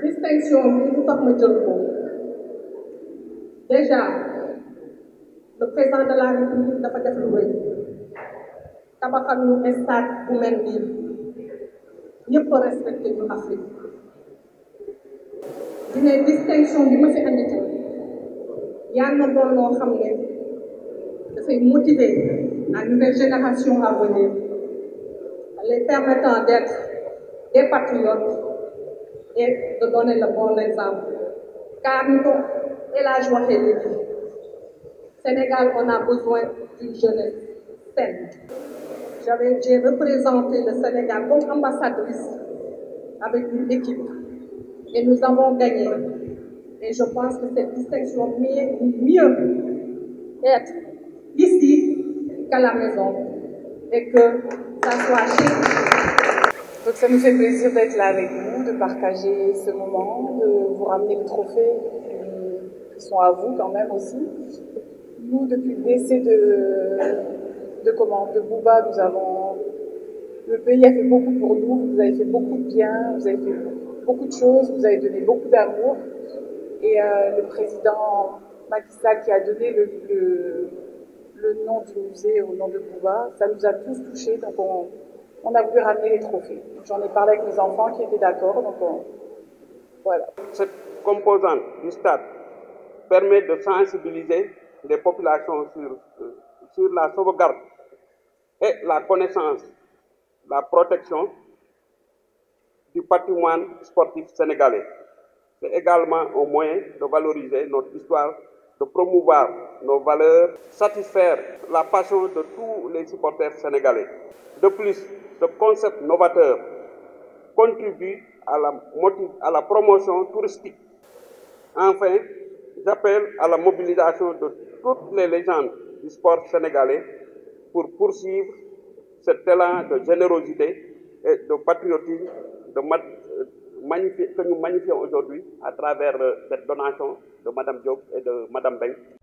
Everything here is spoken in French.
distinction bi lu tax ma jël ko déjà le président de la république dafa def lu rëy tabaxal ñu stade bu mel nii ñëpp respecté ñu Afrique Une distinction bi ma fi andi a un na doon loo xam ne dafay motiver la nouvelle génération à venir les permettant d'être des patriotes et de donner le bon exemple. Car nous, et la joie est Sénégal, on a besoin d'une jeunesse saine. J'ai représenté le Sénégal comme ambassadrice avec une équipe et nous avons gagné. Et je pense que cette distinction mieux, mieux être ici qu'à la maison et que ça soit chez nous. Donc ça nous fait plaisir d'être là avec vous de partager ce moment, de vous ramener les trophées qui sont à vous quand même aussi. Nous, depuis le décès de, de, comment, de Bouba, nous avons. Le pays a fait beaucoup pour nous, vous avez fait beaucoup de bien, vous avez fait beaucoup de choses, vous avez donné beaucoup d'amour. Et euh, le président Macky Sall qui a donné le, le, nom du musée au nom de Bouba, ça nous a tous touchés. Donc on a pu ramener les trophées. J'en ai parlé avec mes enfants qui étaient d'accord, donc voilà. Cette composante du stade permet de sensibiliser les populations sur, euh, sur la sauvegarde et la connaissance, la protection du patrimoine sportif sénégalais. C'est également un moyen de valoriser notre histoire, de promouvoir nos valeurs, satisfaire la passion de tous les supporters sénégalais. De plus, ce concept novateur contribue à la, promotion touristique. Enfin, j'appelle à la mobilisation de toutes les légendes du sport sénégalais pour poursuivre cet élan de générosité et de patriotisme euh, que nous magnifions aujourd'hui à travers euh, cette donation de Mme Diop et de Mme Beng.